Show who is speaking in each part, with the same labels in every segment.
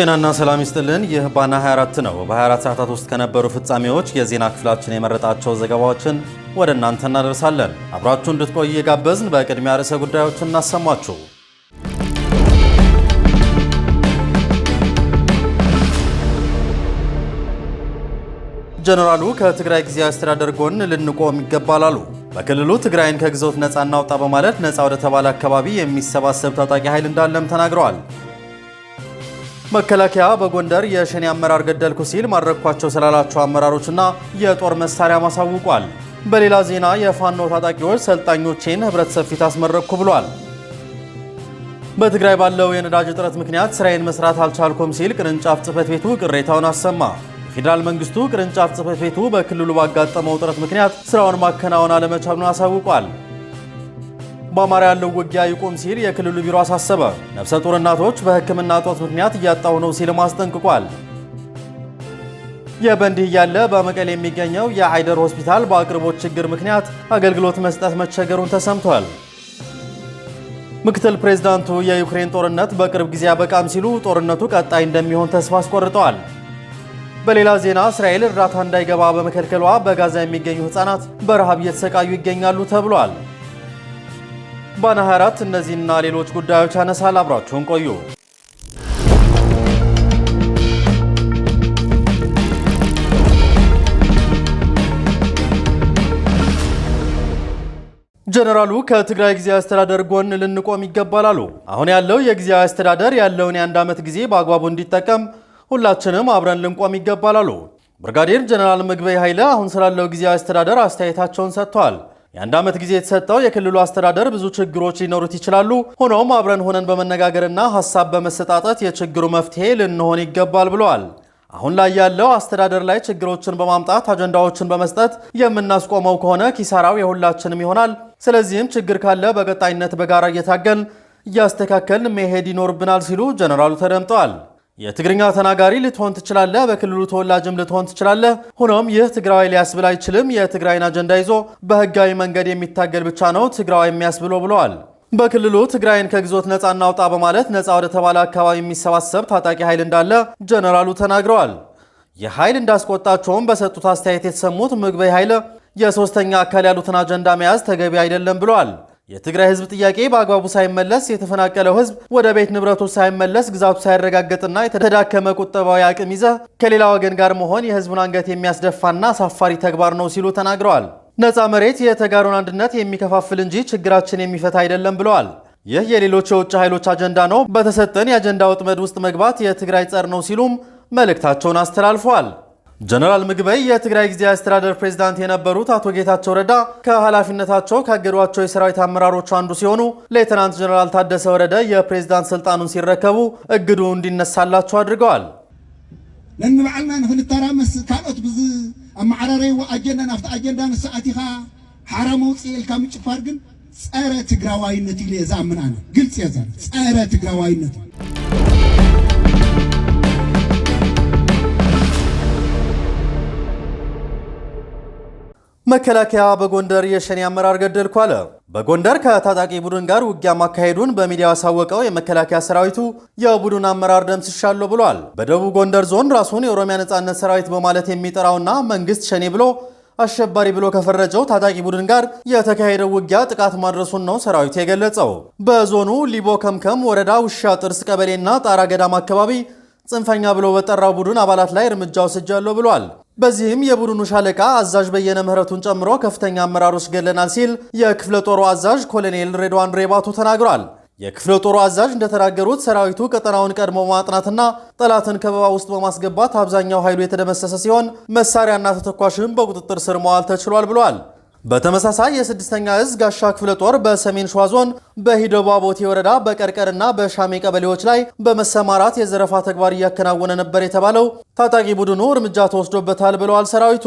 Speaker 1: ጤናና ሰላም ይስጥልን። ይህ ባና 24 ነው። በ24 ሰዓታት ውስጥ ከነበሩ ፍጻሜዎች የዜና ክፍላችን የመረጣቸው ዘገባዎችን ወደ እናንተ እናደርሳለን። አብራችሁ እንድትቆይ የጋበዝን። በቅድሚያ ርዕሰ ጉዳዮችን እናሰማችሁ። ጀነራሉ ከትግራይ ጊዜያዊ አስተዳደር ጎን ልንቆም ይገባል አሉ። በክልሉ ትግራይን ከግዞት ነፃ እናውጣ በማለት ነፃ ወደ ተባለ አካባቢ የሚሰባሰብ ታጣቂ ኃይል እንዳለም ተናግረዋል። መከላከያ በጎንደር የሸኔ አመራር ገደልኩ ሲል ማድረግኳቸው ስላላቸው አመራሮችና የጦር መሳሪያ ማሳውቋል። በሌላ ዜና የፋኖ ታጣቂዎች ሰልጣኞቼን ህብረተሰብ ፊት አስመረቅኩ ብሏል። በትግራይ ባለው የነዳጅ እጥረት ምክንያት ስራዬን መስራት አልቻልኩም ሲል ቅርንጫፍ ጽህፈት ቤቱ ቅሬታውን አሰማ። ፌዴራል መንግስቱ ቅርንጫፍ ጽህፈት ቤቱ በክልሉ ባጋጠመው እጥረት ምክንያት ስራውን ማከናወን አለመቻሉን አሳውቋል። በአማራ ያለው ውጊያ ይቁም ሲል የክልሉ ቢሮ አሳሰበ። ነፍሰ ጡር እናቶች በሕክምና እጦት ምክንያት እያጣው ነው ሲልም አስጠንቅቋል። ይህ በእንዲህ እያለ በመቀሌ የሚገኘው የአይደር ሆስፒታል በአቅርቦት ችግር ምክንያት አገልግሎት መስጠት መቸገሩን ተሰምቷል። ምክትል ፕሬዝዳንቱ የዩክሬን ጦርነት በቅርብ ጊዜ አበቃም ሲሉ ጦርነቱ ቀጣይ እንደሚሆን ተስፋ አስቆርጠዋል። በሌላ ዜና እስራኤል እርዳታ እንዳይገባ በመከልከሏ በጋዛ የሚገኙ ሕፃናት በረሃብ እየተሰቃዩ ይገኛሉ ተብሏል። ባና 24 እነዚህና ሌሎች ጉዳዮች ያነሳል። አብራችሁን ቆዩ። ጀነራሉ ከትግራይ ጊዜያዊ አስተዳደር ጎን ልንቆም ይገባል አሉ። አሁን ያለው የጊዜያዊ አስተዳደር ያለውን የአንድ ዓመት ጊዜ በአግባቡ እንዲጠቀም ሁላችንም አብረን ልንቆም ይገባል አሉ። ብርጋዴር ጀነራል ምግበይ ኃይለ አሁን ስላለው ጊዜያዊ አስተዳደር አስተያየታቸውን ሰጥተዋል። የአንድ ዓመት ጊዜ የተሰጠው የክልሉ አስተዳደር ብዙ ችግሮች ሊኖሩት ይችላሉ። ሆኖም አብረን ሆነን በመነጋገርና ሀሳብ በመሰጣጠት የችግሩ መፍትሄ ልንሆን ይገባል ብለዋል። አሁን ላይ ያለው አስተዳደር ላይ ችግሮችን በማምጣት አጀንዳዎችን በመስጠት የምናስቆመው ከሆነ ኪሳራው የሁላችንም ይሆናል። ስለዚህም ችግር ካለ በቀጣይነት በጋራ እየታገል እያስተካከልን መሄድ ይኖርብናል ሲሉ ጀነራሉ ተደምጠዋል። የትግርኛ ተናጋሪ ልትሆን ትችላለህ፣ በክልሉ ተወላጅም ልትሆን ትችላለህ። ሆኖም ይህ ትግራዊ ሊያስብል አይችልም። የትግራይን አጀንዳ ይዞ በህጋዊ መንገድ የሚታገል ብቻ ነው ትግራዊ የሚያስብሎ ብለዋል። በክልሉ ትግራይን ከግዞት ነፃ እናውጣ በማለት ነፃ ወደ ተባለ አካባቢ የሚሰባሰብ ታጣቂ ኃይል እንዳለ ጀነራሉ ተናግረዋል። ይህ ኃይል እንዳስቆጣቸውም በሰጡት አስተያየት የተሰሙት ምግበይ ኃይለ የሶስተኛ አካል ያሉትን አጀንዳ መያዝ ተገቢ አይደለም ብለዋል። የትግራይ ህዝብ ጥያቄ በአግባቡ ሳይመለስ የተፈናቀለው ህዝብ ወደ ቤት ንብረቱ ሳይመለስ ግዛቱ ሳይረጋገጥና የተዳከመ ቁጠባዊ አቅም ይዘ ከሌላ ወገን ጋር መሆን የህዝቡን አንገት የሚያስደፋና አሳፋሪ ተግባር ነው ሲሉ ተናግረዋል። ነፃ መሬት የተጋሩን አንድነት የሚከፋፍል እንጂ ችግራችን የሚፈታ አይደለም ብለዋል። ይህ የሌሎች የውጭ ኃይሎች አጀንዳ ነው፣ በተሰጠን የአጀንዳ ወጥመድ ውስጥ መግባት የትግራይ ጸር ነው ሲሉም መልእክታቸውን አስተላልፈዋል። ጀነራል ምግበይ የትግራይ ጊዜያዊ አስተዳደር ፕሬዝዳንት የነበሩት አቶ ጌታቸው ረዳ ከኃላፊነታቸው ካገዷቸው የሰራዊት አመራሮች አንዱ ሲሆኑ ሌተናንት ጀነራል ታደሰ ወረደ የፕሬዝዳንት ስልጣኑን ሲረከቡ እግዱ እንዲነሳላቸው አድርገዋል።
Speaker 2: ነንባዕልና ንክንተራመስ ካልኦት ብዝ ኣመዓራረይዎ ኣጀንዳ ናብቲ ኣጀንዳ ንሰዓቲኻ ሓራ መውፅእ ኢልካ ምጭፋር ግን ፀረ ትግራዋይነት ኢሉ እየ ኣነ ግልፂ እየ ፀረ ትግራዋይነት
Speaker 1: መከላከያ በጎንደር የሸኔ አመራር ገደልኩ አለ። በጎንደር ከታጣቂ ቡድን ጋር ውጊያ ማካሄዱን በሚዲያው ያሳወቀው የመከላከያ ሰራዊቱ የቡድን አመራር ደምስሻለሁ ብሏል። በደቡብ ጎንደር ዞን ራሱን የኦሮሚያ ነጻነት ሰራዊት በማለት የሚጠራውና መንግስት ሸኔ ብሎ አሸባሪ ብሎ ከፈረጀው ታጣቂ ቡድን ጋር የተካሄደው ውጊያ ጥቃት ማድረሱን ነው ሰራዊቱ የገለጸው። በዞኑ ሊቦ ከምከም ወረዳ ውሻ ጥርስ ቀበሌና ጣራ ገዳም አካባቢ ጽንፈኛ ብሎ በጠራው ቡድን አባላት ላይ እርምጃ ወስጃለሁ ብሏል። በዚህም የቡድኑ ሻለቃ አዛዥ በየነ ምህረቱን ጨምሮ ከፍተኛ አመራሮች ገለናል ሲል የክፍለ ጦሩ አዛዥ ኮሎኔል ሬድዋን ሬባቱ ተናግሯል። የክፍለ ጦሩ አዛዥ እንደተናገሩት ሰራዊቱ ቀጠናውን ቀድሞ በማጥናትና ጠላትን ከበባ ውስጥ በማስገባት አብዛኛው ኃይሉ የተደመሰሰ ሲሆን መሳሪያና ተተኳሽም በቁጥጥር ስር መዋል ተችሏል ብሏል። በተመሳሳይ የስድስተኛ እዝ ጋሻ ክፍለ ጦር በሰሜን ሸዋ ዞን በሂደባ ቦቴ ወረዳ በቀርቀርና በሻሜ ቀበሌዎች ላይ በመሰማራት የዘረፋ ተግባር እያከናወነ ነበር የተባለው ታጣቂ ቡድኑ እርምጃ ተወስዶበታል ብለዋል ሰራዊቱ።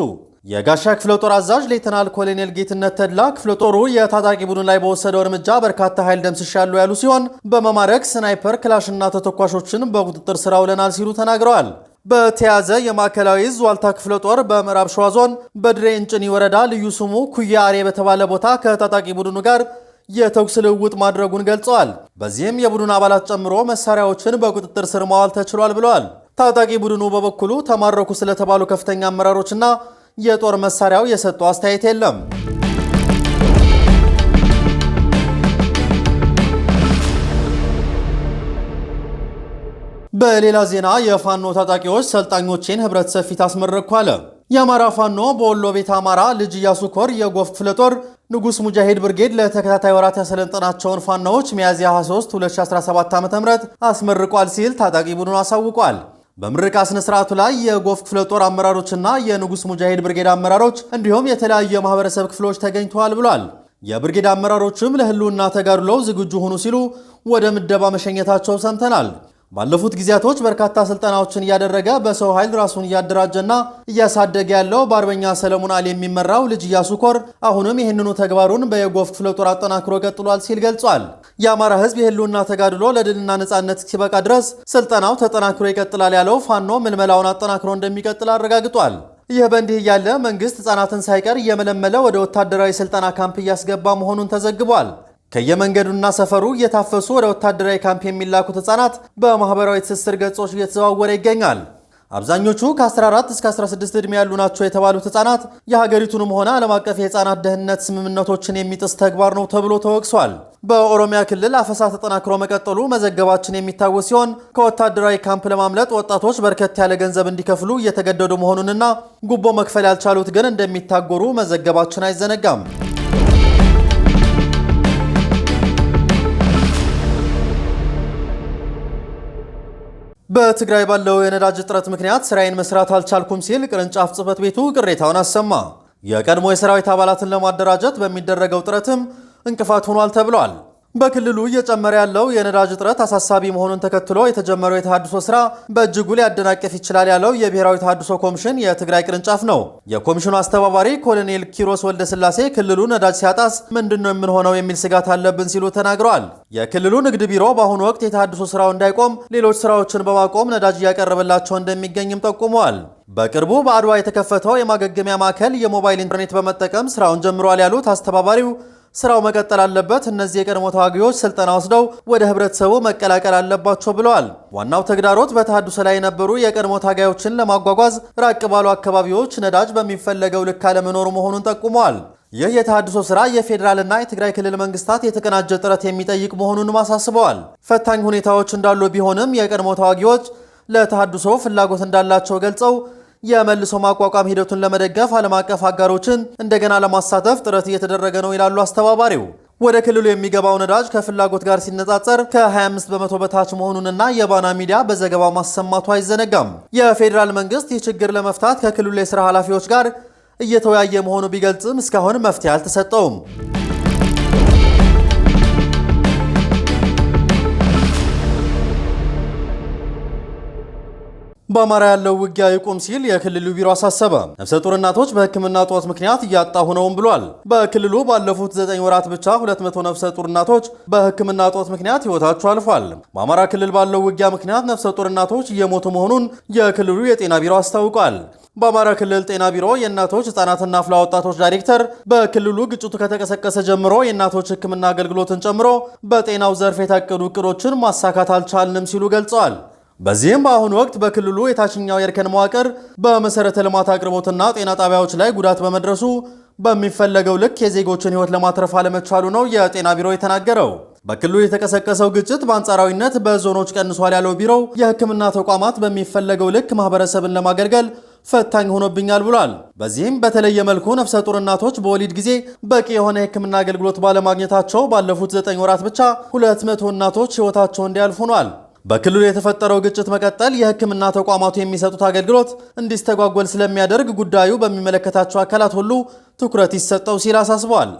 Speaker 1: የጋሻ ክፍለ ጦር አዛዥ ሌተናል ኮሎኔል ጌትነት ተድላ ክፍለ ጦሩ የታጣቂ ቡድን ላይ በወሰደው እርምጃ በርካታ ኃይል ደምስሻሉ ያሉ ሲሆን በመማረክ ስናይፐር ክላሽና ተተኳሾችን በቁጥጥር ስር አውለናል ሲሉ ተናግረዋል። በተያዘ የማዕከላዊ ዝዋልታ ዋልታ ክፍለ ጦር በምዕራብ ሸዋ ዞን በድሬ እንጭኒ ወረዳ ልዩ ስሙ ኩያ አሬ በተባለ ቦታ ከታጣቂ ቡድኑ ጋር የተኩስ ልውውጥ ማድረጉን ገልጸዋል። በዚህም የቡድኑ አባላት ጨምሮ መሳሪያዎችን በቁጥጥር ስር ማዋል ተችሏል ብለዋል። ታጣቂ ቡድኑ በበኩሉ ተማረኩ ስለተባሉ ከፍተኛ አመራሮችና የጦር መሳሪያው የሰጠው አስተያየት የለም። በሌላ ዜና የፋኖ ታጣቂዎች ሰልጣኞቼን ህብረት ፊት አስመረቅኩ አለ። የአማራ ፋኖ በወሎ ቤት አማራ ልጅ እያሱ ኮር የጎፍ ክፍለ ጦር ንጉሥ ሙጃሂድ ብርጌድ ለተከታታይ ወራት ያሰለጠናቸውን ፋኖዎች ሚያዝያ 23 2017 ዓ ም አስመርቋል ሲል ታጣቂ ቡድኑ አሳውቋል። በምርቃ ስነ ስርዓቱ ላይ የጎፍ ክፍለ ጦር አመራሮችና የንጉሥ ሙጃሂድ ብርጌድ አመራሮች እንዲሁም የተለያዩ የማህበረሰብ ክፍሎች ተገኝተዋል ብሏል። የብርጌድ አመራሮችም ለህልውና ተጋድሎው ዝግጁ ሆኑ ሲሉ ወደ ምደባ መሸኘታቸው ሰምተናል። ባለፉት ጊዜያቶች በርካታ ስልጠናዎችን እያደረገ በሰው ኃይል ራሱን እያደራጀና እያሳደገ ያለው በአርበኛ ሰለሞን አሊ የሚመራው ልጅ ኢያሱ ኮር አሁንም ይህንኑ ተግባሩን በየጎፍ ክፍለ ጦር አጠናክሮ ቀጥሏል ሲል ገልጿል። የአማራ ሕዝብ የህልውና ተጋድሎ ለድልና ነጻነት ሲበቃ ድረስ ስልጠናው ተጠናክሮ ይቀጥላል ያለው ፋኖ ምልመላውን አጠናክሮ እንደሚቀጥል አረጋግጧል። ይህ በእንዲህ እያለ መንግስት ህፃናትን ሳይቀር እየመለመለ ወደ ወታደራዊ ስልጠና ካምፕ እያስገባ መሆኑን ተዘግቧል። ከየመንገዱና ሰፈሩ እየታፈሱ ወደ ወታደራዊ ካምፕ የሚላኩት ሕፃናት በማኅበራዊ ትስስር ገጾች እየተዘዋወረ ይገኛል። አብዛኞቹ ከ14 እስከ 16 ዕድሜ ያሉ ናቸው የተባሉት ሕፃናት የሀገሪቱንም ሆነ ዓለም አቀፍ የሕፃናት ደህንነት ስምምነቶችን የሚጥስ ተግባር ነው ተብሎ ተወቅሷል። በኦሮሚያ ክልል አፈሳ ተጠናክሮ መቀጠሉ መዘገባችን የሚታወስ ሲሆን ከወታደራዊ ካምፕ ለማምለጥ ወጣቶች በርከት ያለ ገንዘብ እንዲከፍሉ እየተገደዱ መሆኑንና ጉቦ መክፈል ያልቻሉት ግን እንደሚታጎሩ መዘገባችን አይዘነጋም። በትግራይ ባለው የነዳጅ እጥረት ምክንያት ስራዬን መስራት አልቻልኩም ሲል ቅርንጫፍ ጽህፈት ቤቱ ቅሬታውን አሰማ። የቀድሞ የሰራዊት አባላትን ለማደራጀት በሚደረገው ጥረትም እንቅፋት ሆኗል ተብሏል። በክልሉ እየጨመረ ያለው የነዳጅ እጥረት አሳሳቢ መሆኑን ተከትሎ የተጀመረው የተሃድሶ ስራ በእጅጉ ሊያደናቀፍ ይችላል ያለው የብሔራዊ ተሃድሶ ኮሚሽን የትግራይ ቅርንጫፍ ነው። የኮሚሽኑ አስተባባሪ ኮሎኔል ኪሮስ ወልደስላሴ ክልሉ ነዳጅ ሲያጣስ ምንድን ነው የምንሆነው የሚል ስጋት አለብን ሲሉ ተናግረዋል። የክልሉ ንግድ ቢሮ በአሁኑ ወቅት የተሃድሶ ስራው እንዳይቆም ሌሎች ስራዎችን በማቆም ነዳጅ እያቀረበላቸው እንደሚገኝም ጠቁመዋል። በቅርቡ በአድዋ የተከፈተው የማገገሚያ ማዕከል የሞባይል ኢንተርኔት በመጠቀም ስራውን ጀምሯል ያሉት አስተባባሪው ስራው መቀጠል አለበት። እነዚህ የቀድሞ ተዋጊዎች ስልጠና ወስደው ወደ ህብረተሰቡ መቀላቀል አለባቸው ብለዋል። ዋናው ተግዳሮት በተሃድሶ ላይ የነበሩ የቀድሞ ታጋዮችን ለማጓጓዝ ራቅ ባሉ አካባቢዎች ነዳጅ በሚፈለገው ልክ አለመኖሩ መሆኑን ጠቁመዋል። ይህ የተሃድሶ ስራ የፌዴራልና የትግራይ ክልል መንግስታት የተቀናጀ ጥረት የሚጠይቅ መሆኑንም አሳስበዋል። ፈታኝ ሁኔታዎች እንዳሉ ቢሆንም የቀድሞ ተዋጊዎች ለተሃድሶ ፍላጎት እንዳላቸው ገልጸው የመልሶ ማቋቋም ሂደቱን ለመደገፍ ዓለም አቀፍ አጋሮችን እንደገና ለማሳተፍ ጥረት እየተደረገ ነው ይላሉ አስተባባሪው። ወደ ክልሉ የሚገባው ነዳጅ ከፍላጎት ጋር ሲነጻጸር ከ25 በመቶ በታች መሆኑንና የባና ሚዲያ በዘገባው ማሰማቱ አይዘነጋም። የፌዴራል መንግስት ይህ ችግር ለመፍታት ከክልሉ የስራ ኃላፊዎች ጋር እየተወያየ መሆኑ ቢገልጽም እስካሁን መፍትሄ አልተሰጠውም። በአማራ ያለው ውጊያ ይቁም ሲል የክልሉ ቢሮ አሳሰበ። ነፍሰ ጡር እናቶች በሕክምና ጦት ምክንያት እያጣሁ ነውም ብሏል። በክልሉ ባለፉት ዘጠኝ ወራት ብቻ 200 ነፍሰ ጡር እናቶች በሕክምና ጦት ምክንያት ሕይወታቸው አልፏል። በአማራ ክልል ባለው ውጊያ ምክንያት ነፍሰ ጡር እናቶች እየሞቱ መሆኑን የክልሉ የጤና ቢሮ አስታውቋል። በአማራ ክልል ጤና ቢሮ የእናቶች ህጻናትና አፍላ ወጣቶች ዳይሬክተር በክልሉ ግጭቱ ከተቀሰቀሰ ጀምሮ የእናቶች ሕክምና አገልግሎትን ጨምሮ በጤናው ዘርፍ የታቀዱ እቅዶችን ማሳካት አልቻልንም ሲሉ ገልጸዋል። በዚህም በአሁኑ ወቅት በክልሉ የታችኛው የእርከን መዋቅር በመሠረተ ልማት አቅርቦትና ጤና ጣቢያዎች ላይ ጉዳት በመድረሱ በሚፈለገው ልክ የዜጎችን ሕይወት ለማትረፍ አለመቻሉ ነው የጤና ቢሮ የተናገረው። በክልሉ የተቀሰቀሰው ግጭት በአንጻራዊነት በዞኖች ቀንሷል ያለው ቢሮው የሕክምና ተቋማት በሚፈለገው ልክ ማህበረሰብን ለማገልገል ፈታኝ ሆኖብኛል ብሏል። በዚህም በተለየ መልኩ ነፍሰ ጡር እናቶች በወሊድ ጊዜ በቂ የሆነ የሕክምና አገልግሎት ባለማግኘታቸው ባለፉት ዘጠኝ ወራት ብቻ 200 እናቶች ሕይወታቸው እንዲያልፍ ሆኗል። በክልሉ የተፈጠረው ግጭት መቀጠል የሕክምና ተቋማቱ የሚሰጡት አገልግሎት እንዲስተጓጎል ስለሚያደርግ ጉዳዩ በሚመለከታቸው አካላት ሁሉ ትኩረት ይሰጠው ሲል አሳስበዋል።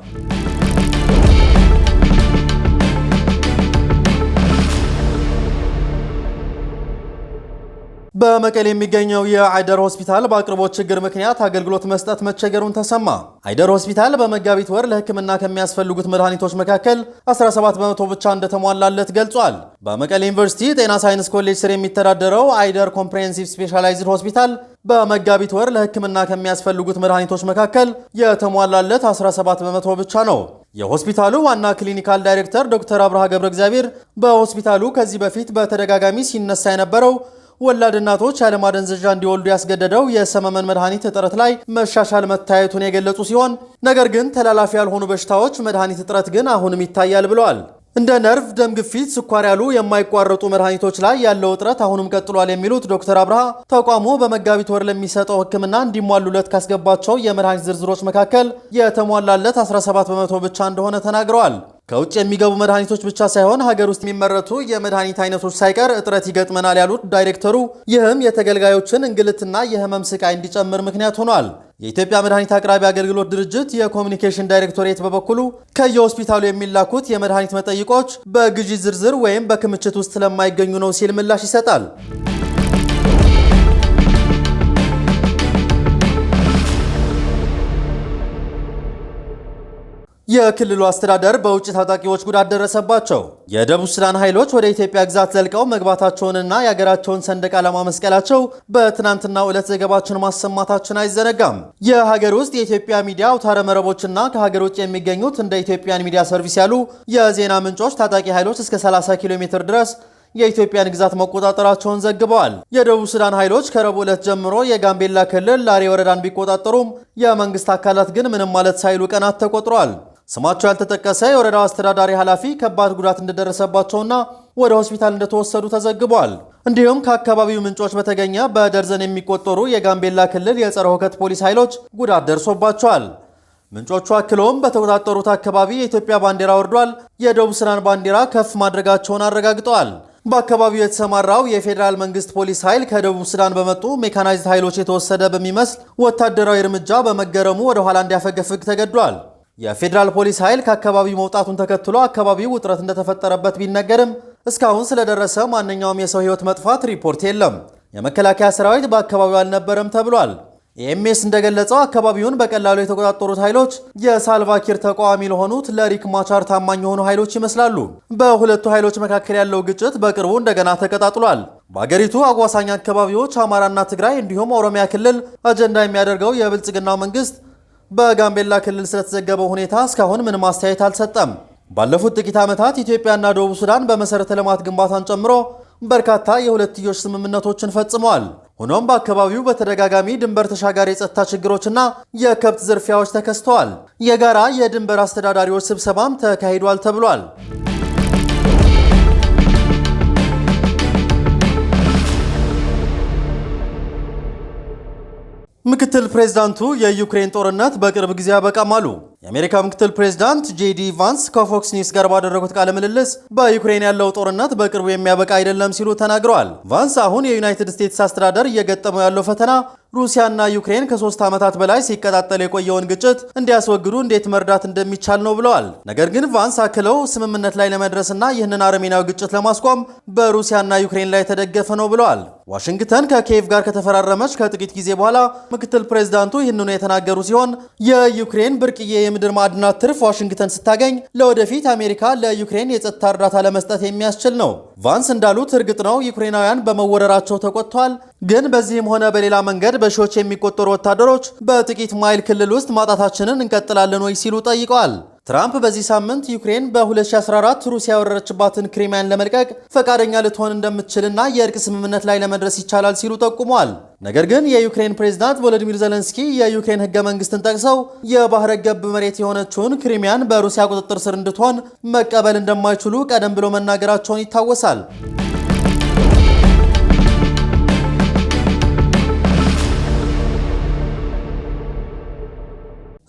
Speaker 1: በመቀሌ የሚገኘው የአይደር ሆስፒታል በአቅርቦት ችግር ምክንያት አገልግሎት መስጠት መቸገሩን ተሰማ። አይደር ሆስፒታል በመጋቢት ወር ለሕክምና ከሚያስፈልጉት መድኃኒቶች መካከል 17 በመቶ ብቻ እንደተሟላለት ገልጿል። በመቀሌ ዩኒቨርሲቲ ጤና ሳይንስ ኮሌጅ ስር የሚተዳደረው አይደር ኮምፕሬሄንሲቭ ስፔሻላይዝድ ሆስፒታል በመጋቢት ወር ለሕክምና ከሚያስፈልጉት መድኃኒቶች መካከል የተሟላለት 17 በመቶ ብቻ ነው። የሆስፒታሉ ዋና ክሊኒካል ዳይሬክተር ዶክተር አብርሃ ገብረ እግዚአብሔር በሆስፒታሉ ከዚህ በፊት በተደጋጋሚ ሲነሳ የነበረው ወላድ እናቶች ያለማደንዘዣ እንዲወልዱ ያስገደደው የሰመመን መድኃኒት እጥረት ላይ መሻሻል መታየቱን የገለጹ ሲሆን ነገር ግን ተላላፊ ያልሆኑ በሽታዎች መድኃኒት እጥረት ግን አሁንም ይታያል ብለዋል። እንደ ነርቭ፣ ደም ግፊት፣ ስኳር ያሉ የማይቋረጡ መድኃኒቶች ላይ ያለው እጥረት አሁንም ቀጥሏል የሚሉት ዶክተር አብርሃ ተቋሙ በመጋቢት ወር ለሚሰጠው ሕክምና እንዲሟሉለት ካስገባቸው የመድኃኒት ዝርዝሮች መካከል የተሟላለት 17 በመቶ ብቻ እንደሆነ ተናግረዋል። ከውጭ የሚገቡ መድኃኒቶች ብቻ ሳይሆን ሀገር ውስጥ የሚመረቱ የመድኃኒት አይነቶች ሳይቀር እጥረት ይገጥመናል ያሉት ዳይሬክተሩ፣ ይህም የተገልጋዮችን እንግልትና የህመም ስቃይ እንዲጨምር ምክንያት ሆኗል። የኢትዮጵያ መድኃኒት አቅራቢ አገልግሎት ድርጅት የኮሚኒኬሽን ዳይሬክቶሬት በበኩሉ ከየሆስፒታሉ የሚላኩት የመድኃኒት መጠይቆች በግዢ ዝርዝር ወይም በክምችት ውስጥ ስለማይገኙ ነው ሲል ምላሽ ይሰጣል። የክልሉ አስተዳደር በውጭ ታጣቂዎች ጉዳት ደረሰባቸው። የደቡብ ሱዳን ኃይሎች ወደ ኢትዮጵያ ግዛት ዘልቀው መግባታቸውንና የሀገራቸውን ሰንደቅ ዓላማ መስቀላቸው በትናንትናው ዕለት ዘገባችን ማሰማታችን አይዘነጋም። የሀገር ውስጥ የኢትዮጵያ ሚዲያ አውታረ መረቦችና ከሀገር ውጭ የሚገኙት እንደ ኢትዮጵያን ሚዲያ ሰርቪስ ያሉ የዜና ምንጮች ታጣቂ ኃይሎች እስከ 30 ኪሎ ሜትር ድረስ የኢትዮጵያን ግዛት መቆጣጠራቸውን ዘግበዋል። የደቡብ ሱዳን ኃይሎች ከረቡዕ ዕለት ጀምሮ የጋምቤላ ክልል ላሬ ወረዳን ቢቆጣጠሩም የመንግስት አካላት ግን ምንም ማለት ሳይሉ ቀናት ተቆጥሯል። ስማቸው ያልተጠቀሰ የወረዳው አስተዳዳሪ ኃላፊ ከባድ ጉዳት እንደደረሰባቸውና ወደ ሆስፒታል እንደተወሰዱ ተዘግቧል። እንዲሁም ከአካባቢው ምንጮች በተገኘ በደርዘን የሚቆጠሩ የጋምቤላ ክልል የጸረ ሁከት ፖሊስ ኃይሎች ጉዳት ደርሶባቸዋል። ምንጮቹ አክለውም በተቆጣጠሩት አካባቢ የኢትዮጵያ ባንዲራ ወርዷል፣ የደቡብ ሱዳን ባንዲራ ከፍ ማድረጋቸውን አረጋግጠዋል። በአካባቢው የተሰማራው የፌዴራል መንግስት ፖሊስ ኃይል ከደቡብ ሱዳን በመጡ ሜካናይዝድ ኃይሎች የተወሰደ በሚመስል ወታደራዊ እርምጃ በመገረሙ ወደ ኋላ እንዲያፈገፍግ ተገዷል። የፌዴራል ፖሊስ ኃይል ከአካባቢው መውጣቱን ተከትሎ አካባቢው ውጥረት እንደተፈጠረበት ቢነገርም እስካሁን ስለደረሰ ማንኛውም የሰው ሕይወት መጥፋት ሪፖርት የለም። የመከላከያ ሰራዊት በአካባቢው አልነበረም ተብሏል። ኤምኤስ እንደገለጸው አካባቢውን በቀላሉ የተቆጣጠሩት ኃይሎች የሳልቫኪር ተቃዋሚ ለሆኑት ለሪክ ማቻር ታማኝ የሆኑ ኃይሎች ይመስላሉ። በሁለቱ ኃይሎች መካከል ያለው ግጭት በቅርቡ እንደገና ተቀጣጥሏል። በአገሪቱ አዋሳኝ አካባቢዎች አማራና ትግራይ እንዲሁም ኦሮሚያ ክልል አጀንዳ የሚያደርገው የብልጽግናው መንግስት በጋምቤላ ክልል ስለተዘገበው ሁኔታ እስካሁን ምንም አስተያየት አልሰጠም። ባለፉት ጥቂት ዓመታት ኢትዮጵያና ደቡብ ሱዳን በመሠረተ ልማት ግንባታን ጨምሮ በርካታ የሁለትዮሽ ስምምነቶችን ፈጽመዋል። ሆኖም በአካባቢው በተደጋጋሚ ድንበር ተሻጋሪ የጸጥታ ችግሮችና የከብት ዝርፊያዎች ተከስተዋል። የጋራ የድንበር አስተዳዳሪዎች ስብሰባም ተካሂዷል ተብሏል። ምክትል ፕሬዝዳንቱ የዩክሬን ጦርነት በቅርብ ጊዜ ያበቃም አሉ። የአሜሪካ ምክትል ፕሬዚዳንት ጄዲ ቫንስ ከፎክስ ኒውስ ጋር ባደረጉት ቃለ ምልልስ በዩክሬን ያለው ጦርነት በቅርቡ የሚያበቃ አይደለም ሲሉ ተናግረዋል። ቫንስ አሁን የዩናይትድ ስቴትስ አስተዳደር እየገጠመው ያለው ፈተና ሩሲያና ዩክሬን ከሶስት ዓመታት በላይ ሲቀጣጠል የቆየውን ግጭት እንዲያስወግዱ እንዴት መርዳት እንደሚቻል ነው ብለዋል። ነገር ግን ቫንስ አክለው ስምምነት ላይ ለመድረስና ይህንን አረሜናዊ ግጭት ለማስቆም በሩሲያና ዩክሬን ላይ የተደገፈ ነው ብለዋል። ዋሽንግተን ከኪየቭ ጋር ከተፈራረመች ከጥቂት ጊዜ በኋላ ምክትል ፕሬዚዳንቱ ይህንኑ የተናገሩ ሲሆን የዩክሬን ብርቅዬ የምድር ማዕድናት ትርፍ ዋሽንግተን ስታገኝ ለወደፊት አሜሪካ ለዩክሬን የጸጥታ እርዳታ ለመስጠት የሚያስችል ነው። ቫንስ እንዳሉት እርግጥ ነው ዩክሬናውያን በመወረራቸው ተቆጥቷል። ግን በዚህም ሆነ በሌላ መንገድ በሺዎች የሚቆጠሩ ወታደሮች በጥቂት ማይል ክልል ውስጥ ማጣታችንን እንቀጥላለን ወይ ሲሉ ጠይቀዋል። ትራምፕ በዚህ ሳምንት ዩክሬን በ2014 ሩሲያ የወረረችባትን ክሪሚያን ለመልቀቅ ፈቃደኛ ልትሆን እንደምትችልና የእርቅ ስምምነት ላይ ለመድረስ ይቻላል ሲሉ ጠቁሟል። ነገር ግን የዩክሬን ፕሬዝዳንት ቮሎዲሚር ዘለንስኪ የዩክሬን ህገ መንግስትን ጠቅሰው የባህረ ገብ መሬት የሆነችውን ክሪሚያን በሩሲያ ቁጥጥር ስር እንድትሆን መቀበል እንደማይችሉ ቀደም ብሎ መናገራቸውን ይታወሳል። ይላል።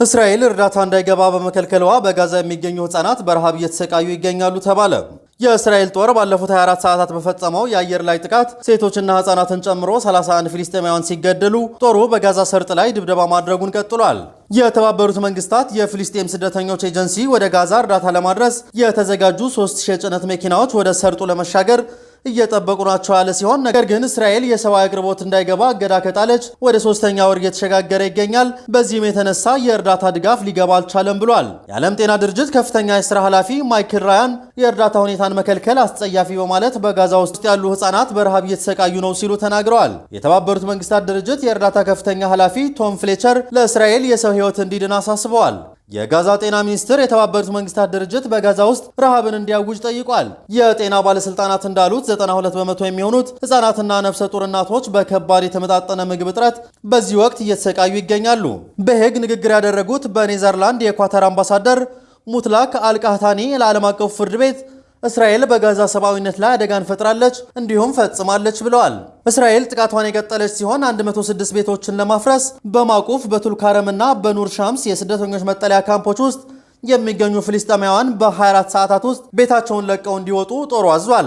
Speaker 1: እስራኤል እርዳታ እንዳይገባ በመከልከልዋ በጋዛ የሚገኙ ህጻናት በረሃብ እየተሰቃዩ ይገኛሉ ተባለ። የእስራኤል ጦር ባለፉት 24 ሰዓታት በፈጸመው የአየር ላይ ጥቃት ሴቶችና ህጻናትን ጨምሮ 31 ፊልስጤማውያን ሲገደሉ ጦሩ በጋዛ ሰርጥ ላይ ድብደባ ማድረጉን ቀጥሏል። የተባበሩት መንግስታት የፊልስጤም ስደተኞች ኤጀንሲ ወደ ጋዛ እርዳታ ለማድረስ የተዘጋጁ 3000 የጭነት መኪናዎች ወደ ሰርጡ ለመሻገር እየጠበቁ ናቸው ያለ ሲሆን ነገር ግን እስራኤል የሰብአዊ አቅርቦት እንዳይገባ እገዳ ከጣለች ወደ ሶስተኛ ወር እየተሸጋገረ ይገኛል። በዚህም የተነሳ የእርዳታ ድጋፍ ሊገባ አልቻለም ብሏል። የዓለም ጤና ድርጅት ከፍተኛ የስራ ኃላፊ ማይክል ራያን የእርዳታ ሁኔታን መከልከል አስጸያፊ በማለት በጋዛ ውስጥ ያሉ ህጻናት በረሃብ እየተሰቃዩ ነው ሲሉ ተናግረዋል። የተባበሩት መንግስታት ድርጅት የእርዳታ ከፍተኛ ኃላፊ ቶም ፍሌቸር ለእስራኤል የሰው ህይወት እንዲድን አሳስበዋል። የጋዛ ጤና ሚኒስትር የተባበሩት መንግስታት ድርጅት በጋዛ ውስጥ ረሃብን እንዲያውጅ ጠይቋል። የጤና ባለስልጣናት እንዳሉት 92 በመቶ የሚሆኑት ህጻናትና ነፍሰ ጡር እናቶች በከባድ የተመጣጠነ ምግብ እጥረት በዚህ ወቅት እየተሰቃዩ ይገኛሉ። በሄግ ንግግር ያደረጉት በኔዘርላንድ የኳተር አምባሳደር ሙትላክ አልቃህታኒ ለዓለም አቀፉ ፍርድ ቤት እስራኤል በጋዛ ሰብአዊነት ላይ አደጋን ፈጥራለች እንዲሁም ፈጽማለች ብለዋል። እስራኤል ጥቃቷን የቀጠለች ሲሆን 106 ቤቶችን ለማፍረስ በማቁፍ በቱልካረምና በኑር ሻምስ የስደተኞች መጠለያ ካምፖች ውስጥ የሚገኙ ፍልስጤማውያን በ24 ሰዓታት ውስጥ ቤታቸውን ለቀው እንዲወጡ ጦሩ አዟል።